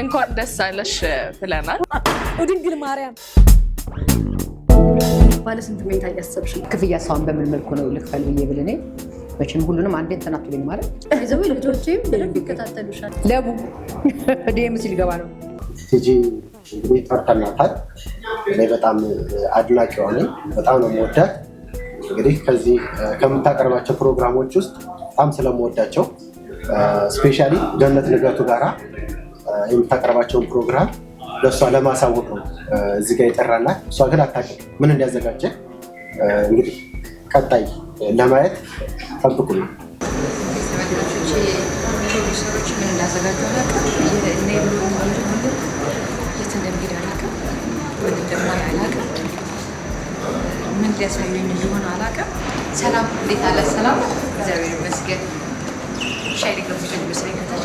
እንኳን ደስ አለሽ ብለናል። ድንግል ማርያም ባለስንት መኝታ እያሰብሽ ክፍያ ሰውን በምን መልኩ ነው ልክፈል ብዬ ብል እኔ መቼም ሁሉንም አንዴ እንትን አትሉኝ ማለት ይዘው ልጆቼም በደንብ ይከታተሉሻል። ለቡ ዲኤምሲ ሊገባ ነው። ቲጂ እንግዲህ ጠርተናታል። እኔ በጣም አድናቂ ሆነ በጣም ነው የምወዳት። እንግዲህ ከዚህ ከምታቀርባቸው ፕሮግራሞች ውስጥ በጣም ስለምወዳቸው ስፔሻሊ ገነት ንጋቱ ጋራ የምታቀርባቸውን ፕሮግራም ለእሷ ለማሳወቅ ነው እዚህ ጋር የጠራላት። እሷ ግን አታውቅም ምን እንዲያዘጋጀ። እንግዲህ ቀጣይ ለማየት ጠብቁ ነው ሰላም፣ እንዴት አለ? ሰላም፣ እግዚአብሔር ይመስገን። ሻይ ሊገብዙ ይመስለኝ ከታች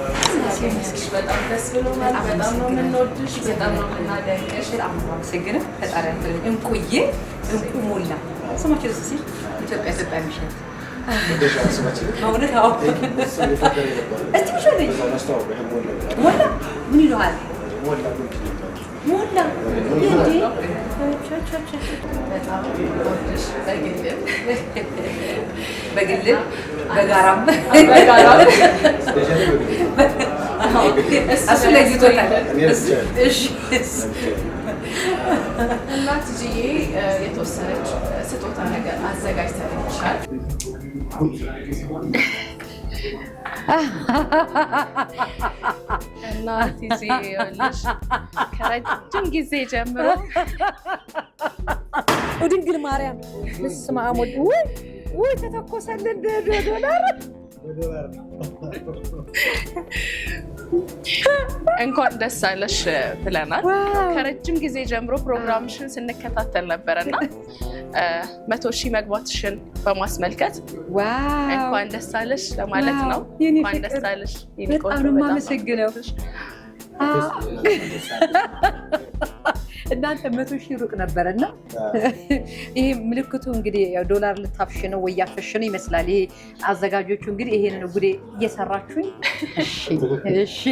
በጣም ደስ ብሎናል። በጣም ነው የምንወድሽ፣ በጣም ነው የምናደንቅሽ። በጣም አመሰግንም። ፈጣሪ ያክልል። እንቁዬ እንቁ ሞላ ስማቸው ሲ ኢትዮጵያ ኢትዮጵያ የሚሸት በግልም በጋራም እሱ ለይቶታል። እናትዬ የተወሰነች ስጦታ ነገር አዘጋጅተሻል። እናትዬ ከረጅም ጊዜ ጀምሮ ድንግል ማርያም ስማሙድ ወይ ተተኮሰልን ዶላር እንኳን ደስ አለሽ ብለናል። ከረጅም ጊዜ ጀምሮ ፕሮግራምሽን ስንከታተል ነበረና መቶ ሺህ መግባትሽን በማስመልከት እንኳን ደስ አለሽ ለማለት ነው። እንኳን ደስ አለሽ። በጣም ነው የማመሰግነው። እናንተ መቶ ሺህ ሩቅ ነበረ እና ይሄ ምልክቱ እንግዲህ ዶላር ልታፍሽ ነው ወይ ያፈሽ ነው ይመስላል። ይሄ አዘጋጆቹ እንግዲህ ይሄን ነው ጉዴ እየሰራችሁኝ። እሺ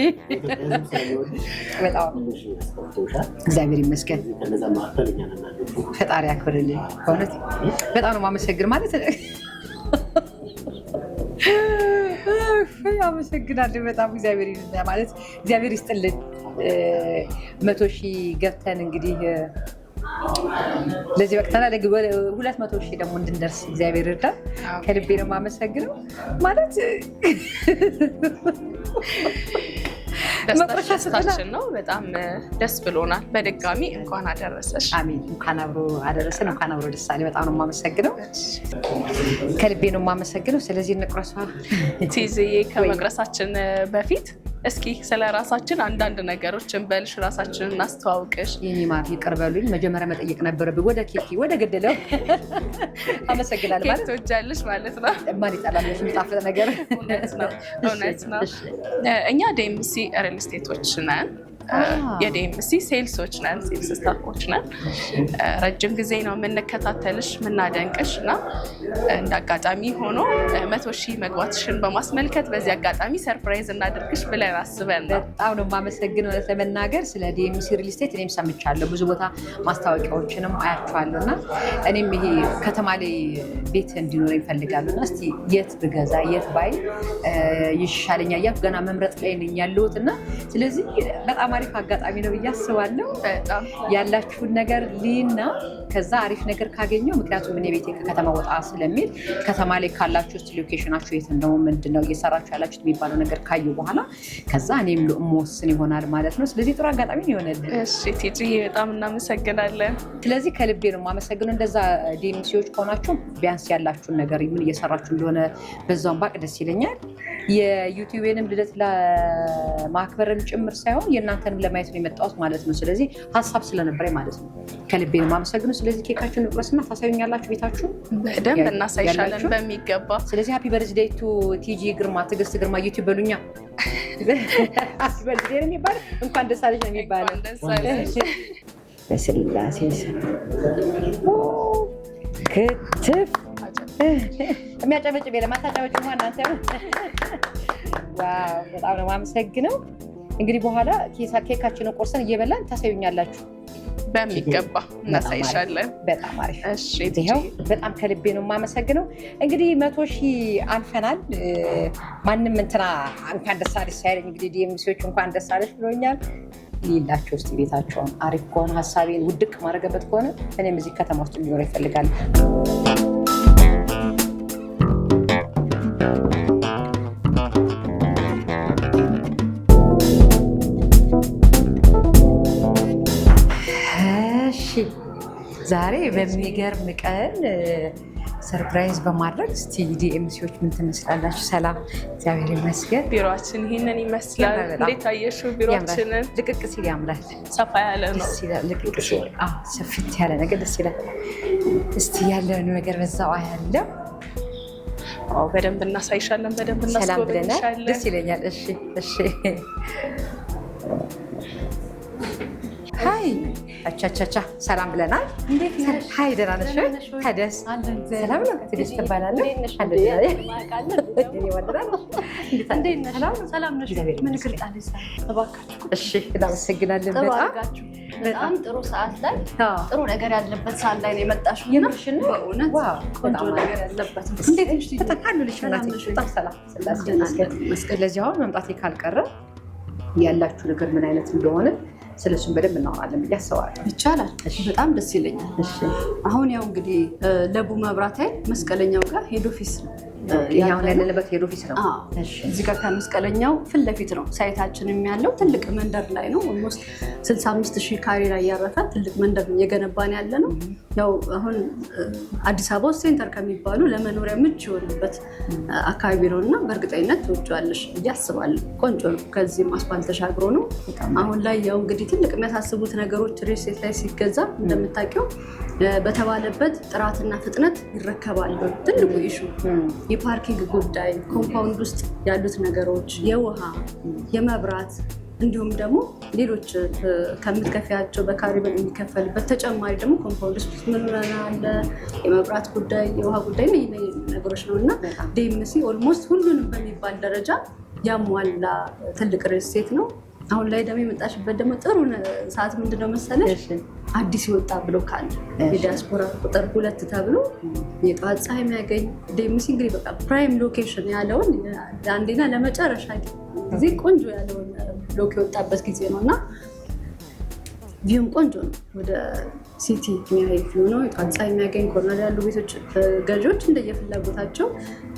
በጣም እግዚአብሔር ይመስገን፣ ፈጣሪ ያክብርልኝ። በእውነት በጣም ነው ማመሰግር ማለት ነው። አመሰግናለሁ በጣም እግዚአብሔር ይልና ማለት እግዚአብሔር ይስጥልን። መቶ ሺህ ገብተን እንግዲህ ለዚህ በቅተና ሁለት መቶ ሺህ ደግሞ እንድንደርስ እግዚአብሔር እርዳ። ከልቤ ነው የማመሰግነው ማለት ደስታችን ነው። በጣም ደስ ብሎናል። በድጋሚ እንኳን አደረሰሽ። አሜን። እንኳን አብሮ አደረሰን። እንኳን አብሮ በጣም ነው የማመሰግነው፣ ከልቤ ነው የማመሰግነው። ስለዚህ እንቁረሷ ከመቅረሳችን በፊት እስኪ ስለ ራሳችን አንዳንድ ነገሮች እንበልሽ፣ ራሳችንን እናስተዋውቅሽ። የኔ ማር ይቅር በሉኝ፣ መጀመሪያ መጠየቅ ነበረብኝ። ወደ ኬቲ ወደ ገደለው አመሰግናለሁ። ኬት ትወጃለሽ ማለት ነው። ማን ይጠላለሽ? የሚጣፍጥ ነገር ነው፣ እውነት ነው። እኛ ዴምሲ ሪል ስቴቶች ነን። የዲኤምሲ ሴልሶች ነን፣ ሴልስ ስታፎች ነን። ረጅም ጊዜ ነው የምንከታተልሽ የምናደንቅሽ እና እንደ አጋጣሚ ሆኖ መቶ ሺህ መግባትሽን በማስመልከት በዚህ አጋጣሚ ሰርፕራይዝ እናድርግሽ ብለን አስበን ነው። በጣም ነው የማመሰግነው። ለመናገር ስለ ዲኤምሲ ሪል ስቴት እኔም ሰምቻለሁ፣ ብዙ ቦታ ማስታወቂያዎችንም አያቸዋለሁ እና እኔም ይሄ ከተማ ላይ ቤት እንዲኖር ይፈልጋሉ እና እስቲ የት ብገዛ የት ባይ ይሻለኛ እያልኩ ገና መምረጥ ላይ ነኝ ያለሁት እና ስለዚህ በጣም አሪፍ አጋጣሚ ነው ብዬ አስባለሁ። ያላችሁን ነገር ልይና ከዛ አሪፍ ነገር ካገኘው ምክንያቱም እኔ ቤቴ ከከተማ ወጣ ስለሚል ከተማ ላይ ካላችሁ ስ ሎኬሽናችሁ የት ነው ምንድነው እየሰራችሁ ያላችሁት የሚባለው ነገር ካዩ በኋላ ከዛ እኔም እምወስን ይሆናል ማለት ነው። ስለዚህ ጥሩ አጋጣሚ ነው ይሆነልን። ቲጂ በጣም እናመሰግናለን። ስለዚህ ከልቤ ነው የማመሰግነው። እንደዛ ዲኤምሲዎች ከሆናችሁ ቢያንስ ያላችሁን ነገር ምን እየሰራችሁ እንደሆነ በዛውን ባቅ ደስ ይለኛል። የዩቲዩብንም ልደት ለማክበርም ጭምር ሳይሆን የእናንተንም ለማየት ነው የመጣሁት ማለት ነው። ስለዚህ ሀሳብ ስለነበረ ማለት ነው ከልቤ ነው የማመሰግነው። ስለዚህ ኬካችሁን እንቁረስና ታሳዩኛላችሁ ቤታችሁ በደንብ እናሳይሻለን በሚገባ። ስለዚህ ሀፒ በርዝዴይ ቱ ቲጂ ግርማ፣ ትዕግስት ግርማ ዩቲዩብ በሉኛ። በርዝዴይ ነው የሚባለው እንኳን ደስ አለሽ ነው የሚባለው። በስላሴ ክትፍ የሚያጨበጭብ የለም። አታጨበጭቡ እናንተ። በጣም ነው የማመሰግነው። እንግዲህ በኋላ ኬካችንን ቆርሰን እየበላን ታሳዩኛላችሁ። በሚገባ እናሳይሻለን። በጣም አሪፍ። ይኸው በጣም ከልቤ ነው የማመሰግነው። እንግዲህ መቶ ሺህ አልፈናል። ማንም እንትና እንኳን ደስ አለሽ ሳይለኝ እንግዲህ ዲኤምሲዎች እንኳን ደስ አለሽ ብሎኛል። ሌላቸው ውስጥ ቤታቸውን አሪፍ ከሆነ ሀሳቤን ውድቅ ማድረገበት ከሆነ እኔም እዚህ ከተማ ውስጥ ሊኖር ይፈልጋል። በሚገርም ቀን ሰርፕራይዝ በማድረግ እስቲ ዲኤምሲዎች ምን ትመስላላችሁ? ሰላም፣ እግዚአብሔር ይመስገን። ቢሮችን ይህንን ይመስላል። እንዴት አየሽው? ቢሮችንን ልቅቅ ሲል ያምራል። ሰፋ ያለ ነው። ልቅቅ ሲል ሰፊት ያለ ነገር ደስ ይላል። እስቲ ያለውን ነገር በዛው አያለው። በደንብ እናሳይሻለን። በደንብ እናስጎበኝሻለን። ደስ ይለኛል። እሺ፣ እሺ አቻቻቻ ሰላም ብለናል። ሀይ ደህና ነሽ? ከደስ ሰላም ነው። ትደስ ትባላለህ። እናመሰግናለን። በጣም ጥሩ ሰዓት ላይ ጥሩ ነገር ያለበት ሰዓት ላይ ነው የመጣሽው። በእውነት ቆንጆ ነገር ያለበት ለዚህ አሁን መምጣቴ ካልቀረ ያላችሁ ነገር ምን አይነት እንደሆነ ስለሱም በደንብ እናወራለን ብዬ አስባለሁ። ይቻላል። በጣም ደስ ይለኛል። አሁን ያው እንግዲህ ለቡ መብራት መስቀለኛው ጋር ሄድ ኦፊስ ነው አሁን ያለንበት ሄድ ኦፊስ ነው። እዚህ ጋር ከመስቀለኛው ፊት ለፊት ነው ሳይታችንም ያለው ትልቅ መንደር ላይ ነው። ኦልሞስት 65 ሺህ ካሬ ላይ ያረፈ ትልቅ መንደር እየገነባን ያለ ነው። ያው አሁን አዲስ አበባ ውስጥ ሴንተር ከሚባሉ ለመኖሪያ ምቹ የሆንበት አካባቢ ነው እና በእርግጠኝነት ትወጪዋለሽ ብዬ አስባለሁ። ቆንጆ ነው። ከዚህም አስፋልት ተሻግሮ ነው። አሁን ላይ ያው እንግዲህ ትልቅ የሚያሳስቡት ነገሮች ሪል ስቴት ላይ ሲገዛ እንደምታውቂው በተባለበት ጥራትና ፍጥነት ይረከባል። ትልቁ ኢሹ የፓርኪንግ ጉዳይ፣ ኮምፓውንድ ውስጥ ያሉት ነገሮች፣ የውሃ የመብራት እንዲሁም ደግሞ ሌሎች ከምትከፍያቸው በካሪበን የሚከፈልበት ተጨማሪ ደግሞ ኮምፓውንድ ውስጥ ምንና አለ የመብራት ጉዳይ የውሃ ጉዳይ ነገሮች ነው እና ዴምሲ ኦልሞስት ሁሉንም በሚባል ደረጃ ያሟላ ትልቅ ሪል ስቴት ነው። አሁን ላይ ደግሞ የመጣሽበት ደግሞ ጥሩ ሰዓት ምንድነው መሰለሽ፣ አዲስ ይወጣ ብሎ ካለ የዲያስፖራ ቁጥር ሁለት ተብሎ የጠዋት ፀሐይ የሚያገኝ ደሚስ እንግዲህ በቃ ፕራይም ሎኬሽን ያለውን አንዴና ለመጨረሻ ጊዜ ቆንጆ ያለውን ብሎክ የወጣበት ጊዜ ነው እና ቪውም ቆንጆ ነው። ወደ ሲቲ የሚያይ ቪው ነው። የጠዋት ፀሐይ የሚያገኝ ኮርነር ያሉ ቤቶች ገዢዎች እንደየፍላጎታቸው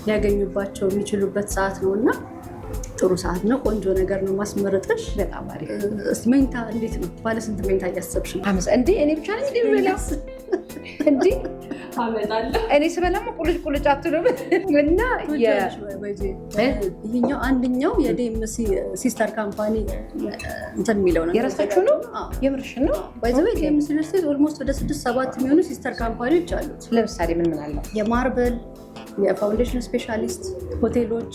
ሊያገኙባቸው የሚችሉበት ሰዓት ነው እና ጥሩ ሰዓት ነው። ቆንጆ ነገር ነው ማስመረጥሽ። በጣም አሪፍ። መኝታ እንዴት ነው? ባለስንት መኝታ እያሰብሽ ነው? እንዴ እኔ ብቻ ነኝ እንደምላስ እንዴ እኔ ስበላማ ቁልጭ ቁልጭ አትሉም። እና ይሄኛው አንደኛው የዴምሲ ሲስተር ካምፓኒ እንትን የሚለው ነው የራሳችሁ ነው የምርሽ ነው። ባይዘዌ ዴምሲ ዩኒቨርሲቲ ኦልሞስት ወደ ስድስት ሰባት የሚሆኑ ሲስተር ካምፓኒዎች አሉት። ለምሳሌ ምን ምን አለው? የማርበል የፋውንዴሽን ስፔሻሊስት ሆቴሎች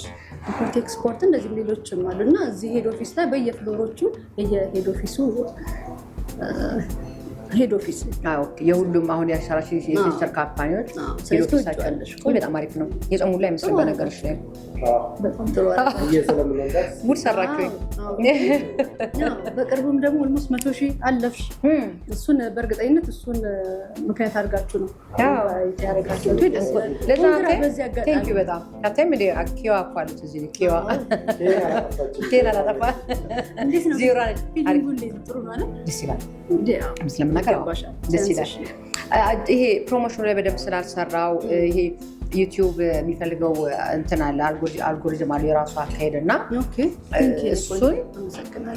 ኢምፖርት ኤክስፖርት፣ እንደዚህም ሌሎችም አሉ እና እዚህ ሄድ ኦፊስ ላይ በየፍሎሮቹ የሄድ ኦፊሱ ሄድ ኦፊስ የሁሉም አሁን የአሻራሽ የሲስተር ካምፓኒዎች በጣም አሪፍ ነው። የጾሙ ላይ ምስል በነገሮች ላይ ጉድ በቅርቡም ደግሞ ልሞስ መቶ ሺህ አለፍሽ። እሱን በእርግጠኝነት እሱን ምክንያት አድርጋችሁ ነው በጣም ካታይም ኪዋ እኮ አሉት እዚህ ኪዋ ዜሮ ጥሩ ነው ደስ ይላል ነገር ደስ ይላል። ይሄ ፕሮሞሽኑ ላይ በደንብ ስላልሰራው ይሄ ዩቲዩብ የሚፈልገው እንትን አለ አልጎሪዝም አለ የራሱ አካሄድ እና እሱን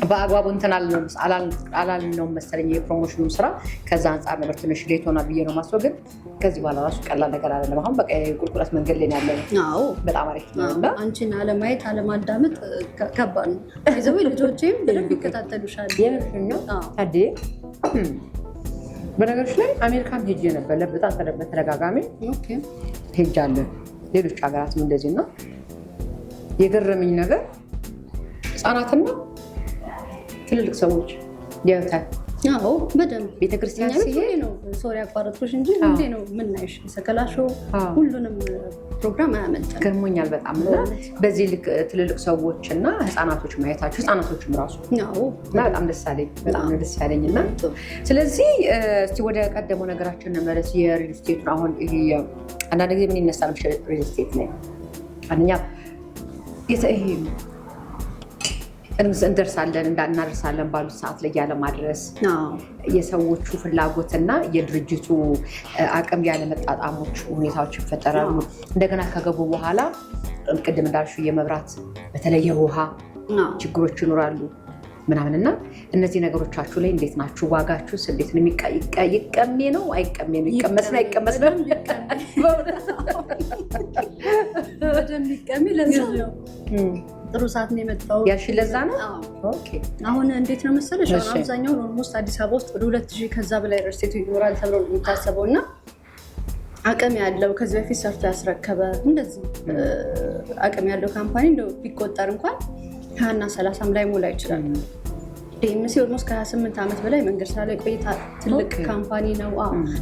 በአግባቡ እንትን ነው መሰለኝ የፕሮሞሽኑ ስራ ከዛ አንጻር ነበር ትንሽ ሌት ሆና ብዬ ነው የማስበው። ግን ከዚህ በኋላ ራሱ ቀላል ነገር አይደለም። አሁን በቃ የቁልቁለት መንገድ ላይ ያለ ነው። በጣም አሪፍ ነው። አንቺን አለማየት አለማዳመጥ ከባድ ነው። ልጆቼም በደንብ ይከታተሉሻል ነው ታዴ በነገሮች ላይ አሜሪካም ሄጄ ነበር ለበጣም በተደጋጋሚ ሄጃለሁ። ሌሎች ሀገራትም እንደዚህ እና የገረመኝ ነገር ህጻናትና ትልልቅ ሰዎች ያዩታል። አዎ በደንብ ቤተክርስቲያን ሲሄድ ነው ሶሪ ያቋረጥኩሽ እንጂ እንዴ ነው ምናይሽ ሰከላሾ ሁሉንም ፕሮግራም አያመልጥም። ገርሞኛል በጣም እና በዚህ ልክ ትልልቅ ሰዎች እና ህፃናቶች ማየታቸው ህፃናቶችም ራሱ እና በጣም ደስ አለኝ፣ በጣም ደስ ያለኝ እና ስለዚህ እስኪ ወደ ቀደመው ነገራችን እንመለስ። የሪል ስቴቱን አሁን አንዳንድ ጊዜ ምን ይነሳል ሪል ስቴት ላይ አንደኛ እንደርሳለን እናደርሳለን ባሉት ሰዓት ላይ ያለማድረስ የሰዎቹ ፍላጎትና የድርጅቱ አቅም ያለመጣጣሞች ሁኔታዎች ይፈጠራሉ። እንደገና ከገቡ በኋላ ቅድም እንዳልሽው የመብራት በተለየ ውሃ ችግሮች ይኖራሉ ምናምንና እነዚህ ነገሮቻችሁ ላይ እንዴት ናችሁ? ዋጋችሁ እንዴት ነው? ይቀሜ ነው አይቀሜ ነው? ይቀመስ ነው አይቀመስ ነው? በደንብ ይቀሜ ለዚህ ነው ጥሩ ሰዓት ነው የመጣው ያልሽ ለዛ ነው። አሁን እንዴት ነው መሰለሽ አብዛኛው ኦልሞስት አዲስ አበባ ውስጥ ወደ ሁለት ሺህ ከዛ በላይ ርሴቱ ይኖራል ተብሎ ነው የሚታሰበው እና አቅም ያለው ከዚህ በፊት ሰርቶ ያስረከበ እንደዚህ አቅም ያለው ካምፓኒ እንደው ቢቆጠር እንኳን ሀያና ሰላሳም ላይ ሞላ ይችላል። ዴምሲ ኦልሞስት ከ28 ዓመት በላይ መንገድ ስራ ላይ ቆይታ ትልቅ ካምፓኒ ነው።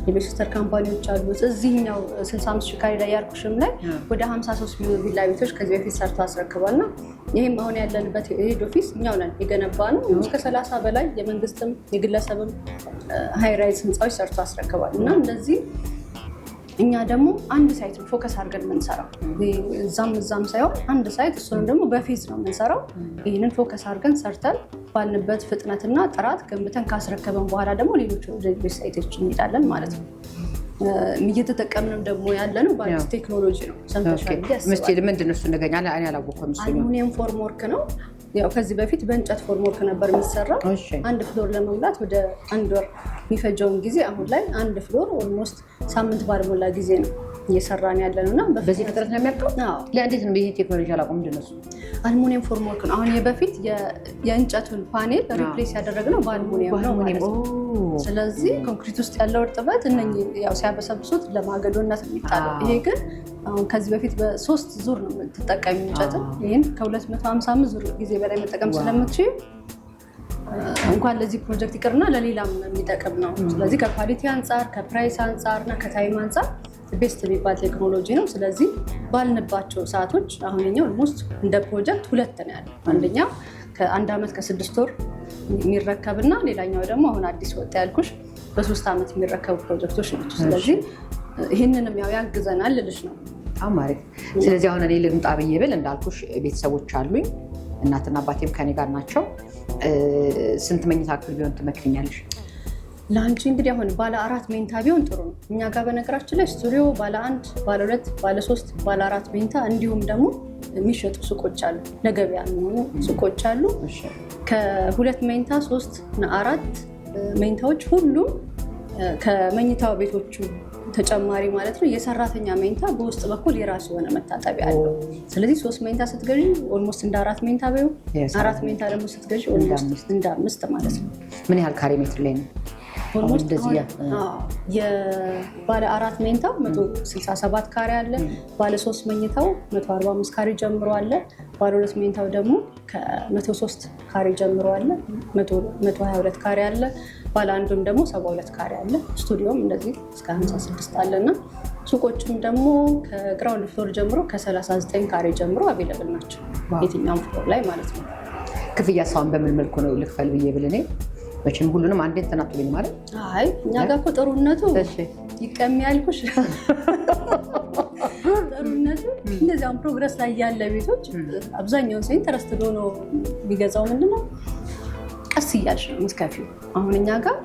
ሌሎች ካምፓኒዎች አሉ። እዚህኛው 65 ሽካሪ ላይ ያርኩሽም ላይ ወደ 53 ሚሆኑ ቪላ ቤቶች ከዚህ በፊት ሰርቶ አስረክቧል ና ይህም አሁን ያለንበት ሄድ ኦፊስ እኛው ነን የገነባ ነው። እስከ 30 በላይ የመንግስትም የግለሰብም ሃይራይዝ ህንፃዎች ሰርቶ አስረክቧል እና እነዚህ እኛ ደግሞ አንድ ሳይት ነው ፎከስ አድርገን የምንሰራው፣ እዛም እዛም ሳይሆን አንድ ሳይት፣ እሱንም ደግሞ በፌዝ ነው የምንሰራው። ይህንን ፎከስ አድርገን ሰርተን ባልንበት ፍጥነትና ጥራት ገንብተን ካስረከበን በኋላ ደግሞ ሌሎች ወደ ሳይቶች እንሄዳለን ማለት ነው። እየተጠቀምንም ደግሞ ያለነው በአዲስ ቴክኖሎጂ ነው። ሰምተሻል? ምንድን ነው እሱ? ንገሪኝ። አላወኩም። አልሙኒየም ፎርም ወርክ ነው ያው ከዚህ በፊት በእንጨት ፎርም ወርክ ነበር የሚሰራው። አንድ ፍሎር ለመሙላት ወደ አንድ ወር የሚፈጀውን ጊዜ አሁን ላይ አንድ ፍሎር ኦልሞስት ሳምንት ባልሞላ ጊዜ ነው እየሰራን ያለ ነው እና በዚህ ፍጥረት ነው የሚያውቀው። ለእንዴት ነው ይሄ ቴክኖሎጂ አላቆም ድነሱ አልሙኒየም ፎርም ነው። አሁን የበፊት የእንጨቱን ፓኔል ሪፕሌስ ያደረግ ነው በአልሙኒየም ነው ማለት ነው። ስለዚህ ኮንክሪት ውስጥ ያለው እርጥበት እነ ያው ሲያበሰብሱት ለማገዶነት የሚጣለው ይሄ ግን አሁን ከዚህ በፊት በሶስት ዙር ነው የምትጠቀሚ እንጨትን። ይህን ከ255 ዙር ጊዜ በላይ መጠቀም ስለምትችል እንኳን ለዚህ ፕሮጀክት ይቅርና ለሌላም የሚጠቅም ነው። ስለዚህ ከኳሊቲ አንጻር፣ ከፕራይስ አንጻር እና ከታይም አንጻር ቤስት የሚባል ቴክኖሎጂ ነው። ስለዚህ ባልንባቸው ሰዓቶች አሁን ኛው ኦልሞስት እንደ ፕሮጀክት ሁለት ነው ያለ አንደኛው ከአንድ ዓመት ከስድስት ወር የሚረከብ እና ሌላኛው ደግሞ አሁን አዲስ ወጣ ያልኩሽ በሶስት ዓመት የሚረከቡ ፕሮጀክቶች ናቸው። ስለዚህ ይህንንም ያው ያግዘናል ልልሽ ነው። በጣም አሪፍ። ስለዚህ አሁን እኔ ልምጣ ብዬ ብል እንዳልኩሽ ቤተሰቦች አሉኝ፣ እናትና አባቴም ከኔ ጋር ናቸው። ስንት መኝታ ክፍል ቢሆን ትመክርኛለሽ? ለአንቺ እንግዲህ አሁን ባለ አራት መኝታ ቢሆን ጥሩ ነው። እኛ ጋር በነገራችን ላይ ስቱዲዮ ባለ አንድ፣ ባለ ሁለት፣ ባለ ሶስት፣ ባለ አራት መኝታ እንዲሁም ደግሞ የሚሸጡ ሱቆች አሉ፣ ለገበያ የሚሆኑ ሱቆች አሉ። ከሁለት መኝታ ሶስት እና አራት መኝታዎች ሁሉም ከመኝታ ቤቶቹ ተጨማሪ ማለት ነው። የሰራተኛ መኝታ በውስጥ በኩል የራሱ የሆነ መታጠቢያ አለው። ስለዚህ ሶስት መኝታ ስትገዢ ኦልሞስት እንደ አራት መኝታ በይው፣ አራት መኝታ ደግሞ ስትገዢ ኦልሞስት እንደ አምስት ማለት ነው። ምን ያህል ካሬ ሜትር ላይ ነው? ባለ አራት መኝታው 167 ካሬ አለ። ባለ ሶስት መኝታው 145 ካሬ ጀምሮ አለ። ባለ ሁለት መኝታው ደግሞ ከ103 ካሬ ጀምሮ አለ። 122 ካሬ አለ። ባለ አንዱም ደግሞ ሰባ ሁለት ካሬ አለ። ስቱዲዮም እንደዚህ እስከ 56 አለና ሱቆችም ደግሞ ከግራውንድ ፍሎር ጀምሮ ከ39 ካሬ ጀምሮ አቬለብል ናቸው። የትኛውም ፍሎር ላይ ማለት ነው። ክፍያ ሰውን በምን መልኩ ነው ልክፈል ብዬ ብል መቼም ሁሉንም አንዴ እንትን ማለት አይ እኛ ጋር እኮ ጥሩነቱ ይቀሚ ያልኩሽ ጥሩነቱ እንደዚያም ፕሮግረስ ላይ ያለ ቤቶች አብዛኛውን ሰው ኢንተረስትዶ ነው የሚገዛው ምንድነው ቀስ እያልሽ ነው የምትከፊው። አሁን እኛ ጋር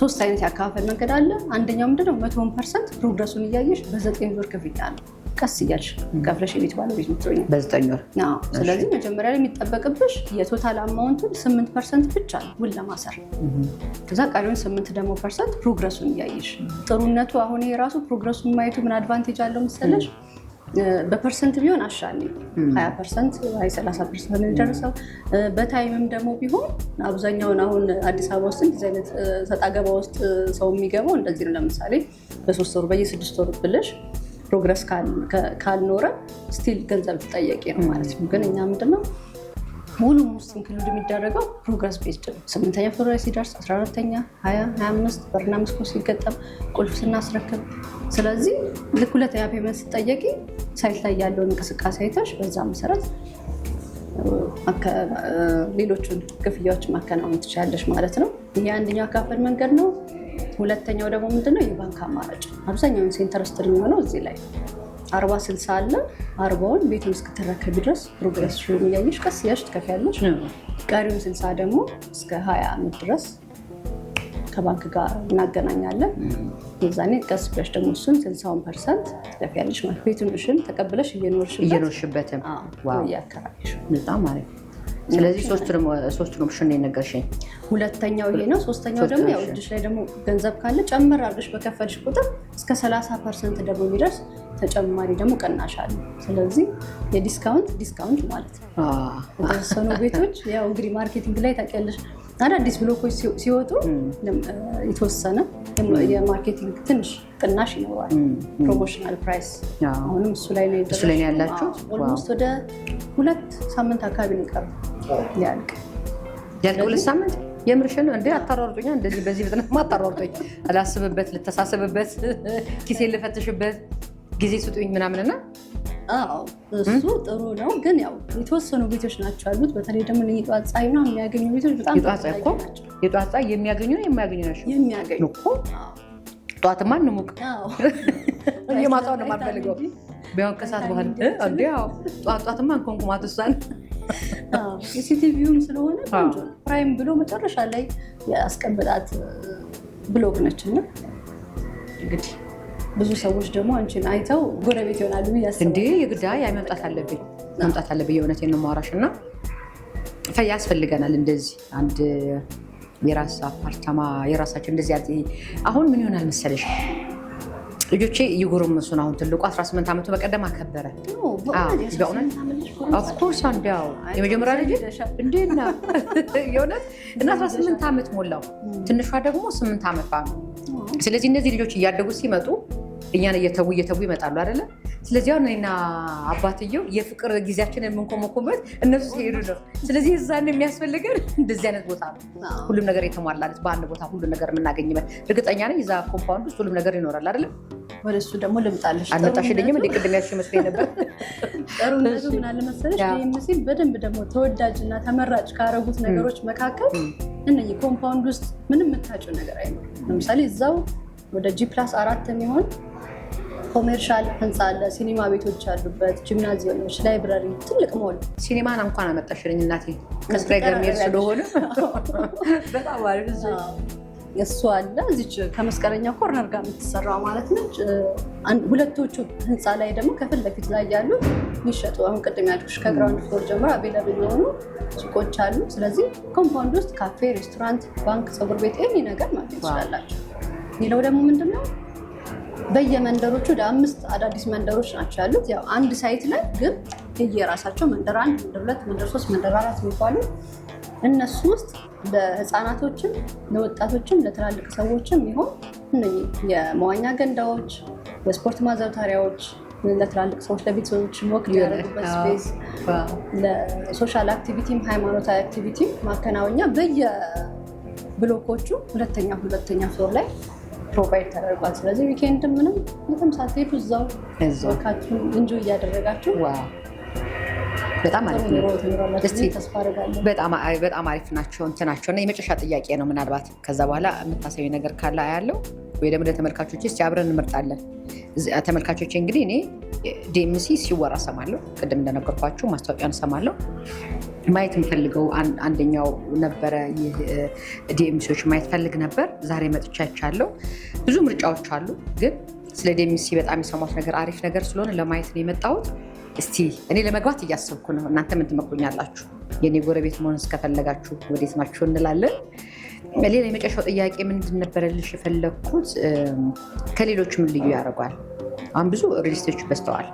ሶስት አይነት ያከፋፈል መንገድ አለ። አንደኛው ምንድነው መቶውን ፐርሰንት ፕሮግረሱን እያየሽ በዘጠኝ ወር ክፍያ ነው ቀስ እያልሽ ከፍለሽ የቤት ባለቤት ምትሆኝ በዘጠኝ ወር። ስለዚህ መጀመሪያ ላይ የሚጠበቅብሽ የቶታል አማውንቱን ስምንት ፐርሰንት ብቻ ነው ውል ለማሰር። ከዛ ቀሪውን ስምንት ደግሞ ፐርሰንት ፕሮግረሱን እያየሽ ጥሩነቱ አሁን የራሱ ፕሮግረሱን ማየቱ ምን አድቫንቴጅ አለው መሰለሽ በፐርሰንት ቢሆን አሻለኝ ሀያ ፐርሰንት ወይ ሰላሳ ፐርሰንት ነው የደረሰው። በታይምም ደግሞ ቢሆን አብዛኛውን አሁን አዲስ አበባ ውስጥ እንደዚህ አይነት ሰጣ ገባ ውስጥ ሰው የሚገባው እንደዚህ ነው። ለምሳሌ በሶስት ወሩ በየስድስት ወሩ ብልሽ ፕሮግረስ ካልኖረ ስቲል ገንዘብ ጠያቂ ነው ማለት ነው። ግን እኛ ምንድነው ሙሉ ውስጥ ኢንክሉድ የሚደረገው ፕሮግረስ ቤዝድ ነው። ስምንተኛ ፌብርዋሪ ሲደርስ 14 ሀያ ሀያ አምስት በርና መስኮ ሲገጠም ቁልፍ ስናስረክብ። ስለዚህ ልክ ሁለተኛ ፔመንት ስጠየቂ ሳይት ላይ ያለውን እንቅስቃሴ አይተሽ በዛ መሰረት ሌሎቹን ክፍያዎች ማከናወን ትችላለች ማለት ነው። ይሄ አንደኛው አካፈል መንገድ ነው። ሁለተኛው ደግሞ ምንድነው? የባንክ አማራጭ አብዛኛውን ኢንተረስትድ የሚሆነው እዚህ ላይ አርባ ስልሳ አለ። አርባውን ቤቱን እስክትረከቢ ድረስ ፕሮግረስ እያየሽ ቀስ እያልሽ ትከፍያለሽ። ቀሪውን ስልሳ ደግሞ እስከ ሀያ ዓመት ድረስ ከባንክ ጋር እናገናኛለን። የዛኔ ቀስ ብለሽ ደግሞ እሱን ስልሳውን ፐርሰንት ትከፍያለሽ ማለት ቤቱን እሽን ተቀብለሽ እየኖርሽበት እየኖርሽበትም እያከራየሽ በጣም አሪፍ ስለዚህ ሶስቱን ኦፕሽን የነገርሽኝ ሁለተኛው ይሄ ነው። ሶስተኛው ደግሞ ያው እጅሽ ላይ ደግሞ ገንዘብ ካለ ጨምር አድርገሽ በከፈልሽ ቁጥር እስከ 30 ፐርሰንት ደግሞ የሚደርስ ተጨማሪ ደግሞ ቅናሽ አለ። ስለዚህ የዲስካውንት ዲስካውንት ማለት ነው። የተወሰኑ ቤቶች ያው እንግዲህ ማርኬቲንግ ላይ ታውቂያለሽ አዳዲስ ብሎኮች ሲወጡ የተወሰነ የማርኬቲንግ ትንሽ ቅናሽ ይኖረዋል። ፕሮሞሽናል ፕራይስ አሁንም እሱ ላይ ነው እሱ ላይ ያላችሁ። ኦልሞስት ወደ ሁለት ሳምንት አካባቢ ነው የቀረው ሊያልቅ ያልቅ ሁለት ሳምንት የምርሽ ነው እንዴ? አታሯርጡኛ እንደዚህ በዚህ ፍጥነት አታሯርጡኝ። ላስብበት፣ ልተሳስብበት፣ ኪሴ ልፈትሽበት ጊዜ ስጡኝ ምናምንና አዎ እሱ ጥሩ ነው፣ ግን ያው የተወሰኑ ቤቶች ናቸው ያሉት። በተለይ ደግሞ የጧት ፀሐይ ምናምን የሚያገኙ ቤቶች በጣም የጧት ፀሐይ የሚያገኙ ነው የማያገኙ ናቸው የሚያገኙ እኮ ጠዋትማ እንሙቅ የማጣው ነው የማልፈልገው ቢሆን ከሰዓት በኋላ እንዲ ጠዋት ጠዋትማ እንኮንኩማት ውሳን የሲቲቪውም ስለሆነ ፕራይም ብሎ መጨረሻ ላይ ያስቀምጣት ብሎግ ነች እና እንግዲህ ብዙ ሰዎች ደግሞ አንቺን አይተው ጎረቤት ይሆናሉ እንዲ እንዴ ያ መምጣት አለብኝ መምጣት አለብኝ። የእውነቴን ነው የማወራሽ እና ያስፈልገናል እንደዚህ አንድ የራስ አፓርታማ የራሳችን እንደዚህ አሁን ምን ይሆናል መሰለሽ ልጆቼ እየጎረመሱን አሁን ትልቁ 18 ዓመቱ በቀደም አከበረ። ኦፍኮርስ አንዲያው የመጀመሪያ ልጅ እንዴና የእውነት እና 18 ዓመት ሞላው። ትንሿ ደግሞ 8 ዓመት ነው። ስለዚህ እነዚህ ልጆች እያደጉ ሲመጡ እኛን እየተዉ እየተዉ ይመጣሉ አይደለ? ስለዚህ አሁን እኔና አባትየው የፍቅር ጊዜያችንን የምንኮመኩበት እነሱ ሲሄዱ ነው። ስለዚህ እዛን የሚያስፈልገን እንደዚህ አይነት ቦታ ነው። ሁሉም ነገር የተሟላለት በአንድ ቦታ ሁሉም ነገር የምናገኝበት እርግጠኛ ነኝ። እዛ ኮምፓውንድ ውስጥ ሁሉም ነገር ይኖራል አይደለም? ወደ እሱ ደግሞ ልምጣለሽ። አልመጣሽልኝም እንደ ቅድም ያልሽ መስሎኝ ነበር። ጥሩ ነቱ ምን አለ መሰለሽ፣ ይህም በደንብ ደግሞ ተወዳጅ እና ተመራጭ ካረጉት ነገሮች መካከል እነዚህ ኮምፓውንድ ውስጥ ምንም የምታጭው ነገር አይኖርም። ለምሳሌ እዛው ወደ ጂ ፕላስ አራት የሚሆን ኮሜርሻል ህንፃ አለ፣ ሲኒማ ቤቶች አሉበት፣ ጂምናዚየሞች፣ ላይብራሪ፣ ትልቅ ሞል። ሲኒማን እንኳን አመጣሽልኝ እናቴ ከስራዬ ጋር የሚሄድ ስለሆነ በጣም አሪፍ እሱ አለ። እዚች ከመስቀለኛ ኮርነር ጋር የምትሰራው ማለት ነች። ሁለቶቹ ህንፃ ላይ ደግሞ ከፊት ለፊት ላይ ያሉ ሚሸጡ አሁን ቅድም ያልኩሽ ከግራውንድ ፎር ጀምሮ አቬለብል የሆኑ ሱቆች አሉ። ስለዚህ ኮምፓውንድ ውስጥ ካፌ፣ ሬስቶራንት፣ ባንክ፣ ፀጉር ቤት፣ ኤኒ ነገር ማለት ይችላላቸው። ሌላው ደግሞ ምንድን ነው በየመንደሮቹ ወደ አምስት አዳዲስ መንደሮች ናቸው ያሉት። ያው አንድ ሳይት ላይ ግን የየራሳቸው መንደር አንድ፣ መንደር ሁለት፣ መንደር ሶስት፣ መንደር አራት የሚባሉ እነሱ ውስጥ ለህፃናቶችም፣ ለወጣቶችም፣ ለትላልቅ ሰዎችም ይሆን እነኚህ የመዋኛ ገንዳዎች፣ የስፖርት ማዘውታሪያዎች ለትላልቅ ሰዎች ለቤተሰቦች ሞክ ያደረጉበት ስፔስ ለሶሻል አክቲቪቲም ሃይማኖታዊ አክቲቪቲም ማከናወኛ በየብሎኮቹ ሁለተኛ ሁለተኛ ፍሎር ላይ ፕሮቫይድ ተደርጓል። ስለዚህ ዊኬንድ ምንም ምንም ሳትሄዱ እዛው ወርካችሁን እንጆ እያደረጋችሁ በጣም አሪፍ ነው። በጣም አሪፍ ናቸው እንትናቸው እና የመጨረሻ ጥያቄ ነው ምናልባት ከዛ በኋላ የምታሳዩ ነገር ካለ አያለው ወይ ደግሞ ለተመልካቾች ስ አብረን እንመርጣለን። ተመልካቾች እንግዲህ እኔ ዲኤምሲ ሲወራ ሰማለሁ። ቅድም እንደነገርኳችሁ ማስታወቂያን ሰማለሁ። ማየት የምፈልገው አንደኛው ነበረ። ይህ ዲኤምሲዎች ማየት ፈልግ ነበር። ዛሬ መጥቻ ብዙ ምርጫዎች አሉ፣ ግን ስለ ዲኤምሲ በጣም የሰማሁት ነገር አሪፍ ነገር ስለሆነ ለማየት ነው የመጣሁት። እስቲ እኔ ለመግባት እያሰብኩ ነው። እናንተ ምን ትመክሩኛላችሁ? የእኔ ጎረቤት መሆን እስከፈለጋችሁ ወዴት ናችሁ እንላለን። ሌላ የመጨረሻው ጥያቄ ምንድን ነበረልሽ የፈለግኩት ከሌሎቹ ምን ልዩ ያደርጓል? አሁን ብዙ ሪሊስቶች በዝተዋል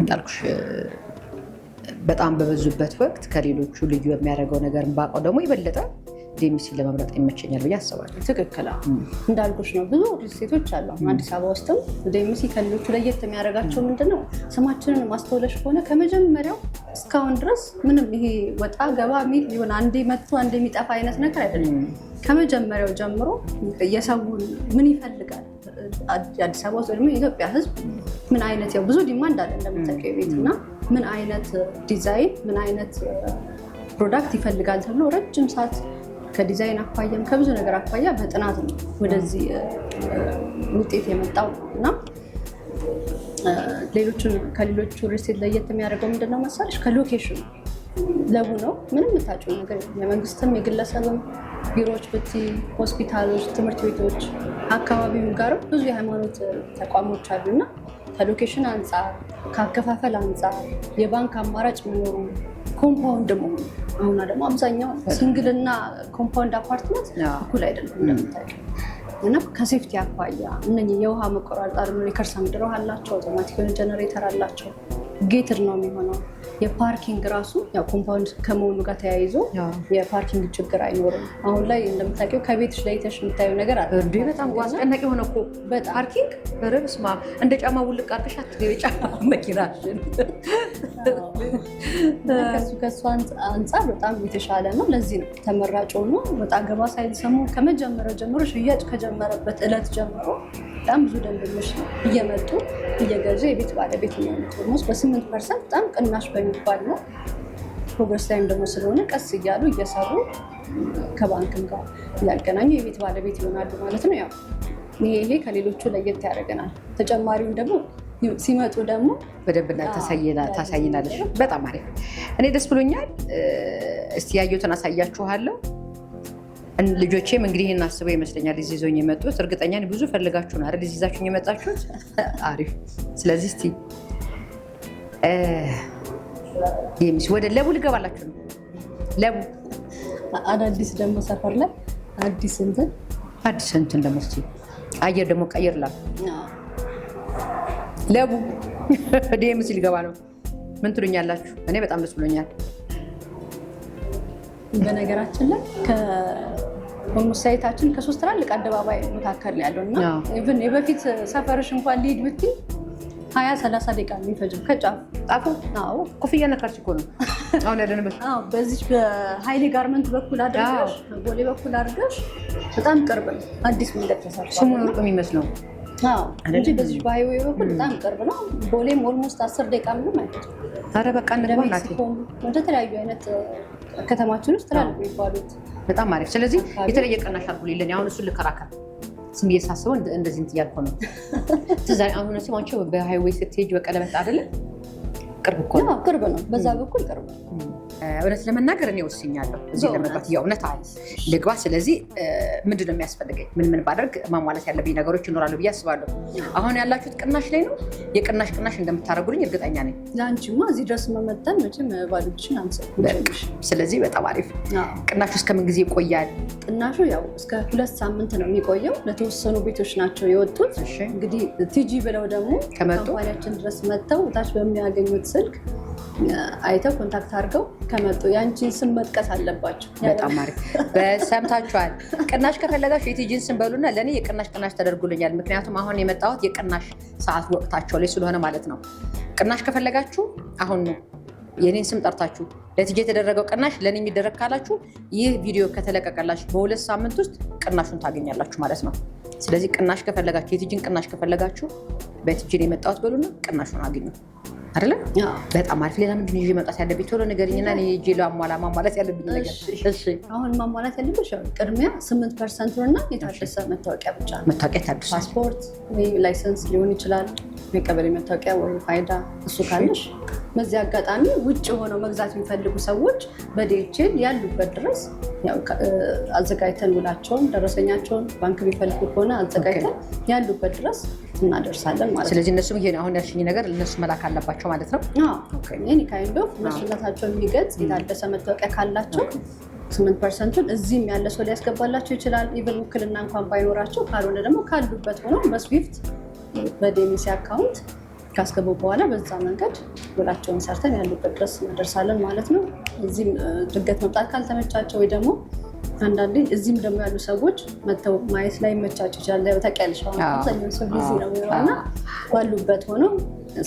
እንዳልኩሽ በጣም በበዙበት ወቅት ከሌሎቹ ልዩ የሚያደርገው ነገር ባውቀው ደግሞ ይበለጠ ሚሲ ለመምረጥ ይመቸኛል ብዬ አስባለሁ። ትክክል እንዳልኩሽ ነው። ብዙ ሪልስቴቶች አሉ አዲስ አበባ ውስጥም። ዴሚሲ ከሌሎቹ ለየት የሚያደርጋቸው ምንድነው? ስማችንን ማስተውለሽ ከሆነ ከመጀመሪያው እስካሁን ድረስ ምንም ይሄ ወጣ ገባ የሚል የሆነ አንዴ መጥቶ አንዴ የሚጠፋ አይነት ነገር አይደለም። ከመጀመሪያው ጀምሮ የሰው ምን ይፈልጋል አዲስ አበባ ውስጥ ደግሞ የኢትዮጵያ ሕዝብ ምን አይነት ያው ብዙ ዲማንድ አለ እንደምታውቂው ቤት እና ምን አይነት ዲዛይን ምን አይነት ፕሮዳክት ይፈልጋል ተብሎ ረጅም ሰዓት ከዲዛይን አኳያም ከብዙ ነገር አኳያ በጥናት ነው ወደዚህ ውጤት የመጣው እና ሌሎቹን ከሌሎቹ ሪስቴት ለየት የሚያደርገው ምንድነው መሳለች ከሎኬሽን ለቡ ነው ምንም የምታጭው ነገር የመንግስትም የግለሰብም ቢሮዎች ብቲ ሆስፒታሎች፣ ትምህርት ቤቶች አካባቢው ጋር ብዙ የሃይማኖት ተቋሞች አሉ አሉና ከሎኬሽን አንጻር ከአከፋፈል አንጻር የባንክ አማራጭ መኖሩ ኮምፓውንድ መሆኑ አሁና ደግሞ አብዛኛው ሲንግልና ኮምፓውንድ አፓርትመንት እኩል አይደለም እንደምታውቂው እና ከሴፍቲ አኳያ እነኚህ የውሃ መቆራረጥ የከርሰ ምድር ውሃ አላቸው። አውቶማቲክ ጀነሬተር አላቸው። ጌትድ ነው የሚሆነው የፓርኪንግ ራሱ ያው ኮምፓውንድ ከመሆኑ ጋር ተያይዞ የፓርኪንግ ችግር አይኖርም። አሁን ላይ እንደምታውቂው ከቤትሽ ለይተሽ የምታየው ነገር አለ። በጣም አስጨናቂ የሆነ እኮ ፓርኪንግ ርብስ ማ እንደ ጫማ ውልቅ አድርገሽ አትገቢ ጫማ መኪናሽን። ከሱ ከሱ አንጻር በጣም የተሻለ ነው። ለዚህ ነው ተመራጭ ሆኖ ወጣ ገባ ሳይል ሰሞን ከመጀመረ ጀምሮ ሽያጭ ከጀመረበት እለት ጀምሮ በጣም ብዙ ደንበኞች እየመጡ እየገዙ የቤት ባለቤት ነው። በስምንት ፐርሰንት በጣም ቅናሽ በሚ የሚባል ነው። ፕሮግረስ ላይም ደግሞ ስለሆነ ቀስ እያሉ እየሰሩ ከባንክም ጋር እያገናኙ የቤት ባለቤት ይሆናሉ ማለት ነው። ያው ይሄ ይሄ ከሌሎቹ ለየት ያደርገናል። ተጨማሪውን ደግሞ ሲመጡ ደግሞ በደንብ ታሳይናለች። በጣም አሪፍ። እኔ ደስ ብሎኛል። እስቲ ያየሁትን አሳያችኋለሁ። ልጆቼም እንግዲህ ይህን አስበው ይመስለኛል እዚህ ይዞኝ የመጡት። እርግጠኛ ብዙ ፈልጋችሁ ነው አይደል እዚህ ይዛችሁኝ የመጣችሁት? አሪፍ። ስለዚህ እስቲ ይምሽ ወደ ለቡ ልገባላችሁ ነው። ለቡ አዳዲስ ደግሞ ሰፈር ላይ አዲስ እንትን አዲስ እንትን ደግሞ እስኪ አየር ደግሞ ቀየር ላል ለቡ ወደ የምስ ሊገባ ነው። ምን ትሉኛላችሁ? እኔ በጣም ደስ ብሎኛል። በነገራችን ላይ ከሆሙሳይታችን ከሶስት ትላልቅ አደባባይ መካከል ያለው እና የበፊት ሰፈርሽ እንኳን ሊሄድ ብትይ ሀያ ሰላሳ ደቂቃ የሚፈጅም ከጫፉ ጣፉ ኮፍያ ነካች እኮ ነው አሁን ያለንበት። በዚህ በሀይሌ ጋርመንት በኩል አድርገሽ ቦሌ በኩል አድርገሽ በጣም ቅርብ ነው። አዲስ መንገድ ተሰርቷል። ስሙ ሩቅ የሚመስለው እንጂ በዚህ በሀይዌ በኩል በጣም ቅርብ ነው። ቦሌም ኦልሞስት አስር ደቂቃ ምንም አይፈጅም። አረ በቃ ወደ ተለያዩ አይነት ከተማችን ውስጥ ትላልቅ የሚባሉት በጣም አሪፍ። ስለዚህ የተለየ ቀናሽ አልኩልኝ። አሁን እሱን ልከራከር ስም እየሳስበው እንደዚህ እያልኩ ነው ትዛሬ አለኝ። አሁን እነሱም በሃይዌይ ስትሄጅ በቀለበት አይደለም ቅርብ እኮ ነው። ቅርብ ነው፣ በዛ በኩል ቅርብ ነው። እውነት ለመናገር እኔ ወስኛለሁ እዚህ ለመግባት የእውነት አለ ልግባ። ስለዚህ ምንድነው የሚያስፈልገኝ? ምን ምን ባደርግ ማሟላት ያለብኝ ነገሮች ይኖራሉ ብዬ አስባለሁ። አሁን ያላችሁት ቅናሽ ላይ ነው። የቅናሽ ቅናሽ እንደምታደርጉልኝ እርግጠኛ ነኝ። ለአንቺማ እዚህ ድረስ መመጠን መቼም ባዶችን አንሰ። ስለዚህ በጣም አሪፍ። ቅናሹ እስከ ምን ጊዜ ይቆያል? ቅናሹ ያው እስከ ሁለት ሳምንት ነው የሚቆየው። ለተወሰኑ ቤቶች ናቸው የወጡት። እንግዲህ ቲጂ ብለው ደግሞ ካምፓኒያችን ድረስ መጥተው ታች በሚያገኙት ስልክ አይተው ኮንታክት አድርገው ከመጡ የአንቺን ስም መጥቀስ አለባቸው። በጣም አሪፍ በሰምታችኋል። ቅናሽ ከፈለጋችሁ የቲጂን ስም በሉና ለእኔ የቅናሽ ቅናሽ ተደርጉልኛል። ምክንያቱም አሁን የመጣሁት የቅናሽ ሰዓት ወቅታቸው ላይ ስለሆነ ማለት ነው። ቅናሽ ከፈለጋችሁ አሁን ነው የኔን ስም ጠርታችሁ ለቲጂ የተደረገው ቅናሽ ለእኔ የሚደረግ ካላችሁ ይህ ቪዲዮ ከተለቀቀላችሁ በሁለት ሳምንት ውስጥ ቅናሹን ታገኛላችሁ ማለት ነው። ስለዚህ ቅናሽ ከፈለጋችሁ የቲጂን ቅናሽ ከፈለጋችሁ በቲጂን የመጣሁት በሉና ቅናሹን አግኙ። አይደለ? በጣም አሪፍ። ሌላ ምንድን ይዤ መምጣት ያለብኝ? ቶሎ ንገሪኝና ጄ አሟላ ማሟላት ያለብኝ ነገር። አሁን ማሟላት ያለብሽ ቅድሚያ ስምንት ፐርሰንት ነው እና የታደሰ መታወቂያ ብቻ ነው። መታወቂያ ታድሱ፣ ፓስፖርት ላይሰንስ ሊሆን ይችላል የቀበሌ መታወቂያ ወይ ፋይዳ እሱ ካለሽ በዚህ አጋጣሚ ውጭ ሆነው መግዛት የሚፈልጉ ሰዎች በዲኤችኤል ያሉበት ድረስ አዘጋጅተን ውላቸውን ደረሰኛቸውን ባንክ የሚፈልጉ ከሆነ አዘጋጅተን ያሉበት ድረስ እናደርሳለን ማለት ስለዚህ እነሱ ይሄ አሁን ያልሽኝ ነገር እነሱ መላክ አለባቸው ማለት ነው። ይህን ካይንዶ እነሱነታቸውን የሚገልጽ የታደሰ መታወቂያ ካላቸው ስምንት ፐርሰንቱን እዚህም ያለ ሰው ሊያስገባላቸው ይችላል። ኢቨን ውክልና እንኳን ባይኖራቸው ካልሆነ ደግሞ ካሉበት ሆኖ በስዊፍት በዴሚሲ አካውንት ካስገቡ በኋላ በዛ መንገድ ውላቸውን ሰርተን ያሉበት ድረስ እናደርሳለን ማለት ነው። እዚህም ድንገት መምጣት ካልተመቻቸው ወይ ደግሞ አንዳንዴ እዚህም ደግሞ ያሉ ሰዎች መተው ማየት ላይ መቻቸው ይችላል። በተቀያልሽ አብዛኛው ሰው ቢዚ ነው የሚሆነውና ባሉበት ሆኖ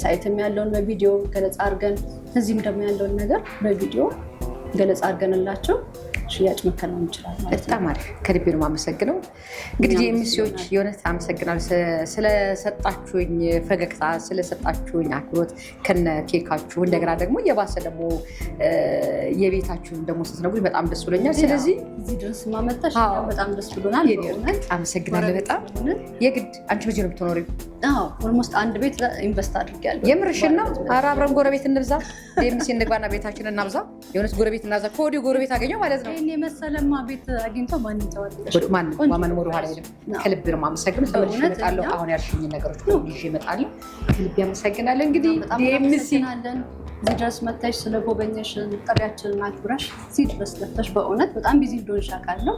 ሳይትም ያለውን በቪዲዮ ገለጻ አድርገን እዚህም ደግሞ ያለውን ነገር በቪዲዮ ገለጻ አድርገንላቸው ሽያጭ መከናወን ይችላል በጣም አሪፍ ከልቤ ነው የማመሰግነው። እንግዲህ የሚስዎች የእውነት አመሰግናለሁ ስለሰጣችሁኝ ፈገግታ፣ ስለሰጣችሁኝ አክብሮት ከነ ኬካችሁ፣ እንደገና ደግሞ የባሰ ደግሞ የቤታችሁን ደግሞ ስትነግሩኝ በጣም ደስ ብሎኛል። ስለዚህ እዚህ ድረስ ማመጣሽ በጣም ደስ ብሎናል። አመሰግናለሁ በጣም የግድ አንቺ ልጅ ነው የምትኖሪው ኦልሞስት አንድ ቤት ኢንቨስት አድርጊያለሁ። የምርሽን ነው? ኧረ አብረን ጎረቤት እንብዛ፣ ኤምሲ እንግባና ቤታችን እናብዛ። የእውነት ጎረቤት እናብዛ። ከወዲሁ ጎረቤት አገኘው ማለት ነው። ይህን የመሰለማ ቤት አግኝቶ ማን ይተዋልማን ከልብ ነው የማመሰግነው። ተመልሼ እመጣለሁ። አሁን ያልሽኝ ነገሮች ይዤ እመጣለሁ። ከልብ ያመሰግናለን። እንግዲህ ምስናለን እዚህ ድረስ መጥተሽ ስለጎበኘሽ ጥሪያችንን አክብረሽ እዚህ ድረስ መጥተሽ በእውነት በጣም ቢዚ ዶንሻ ካለው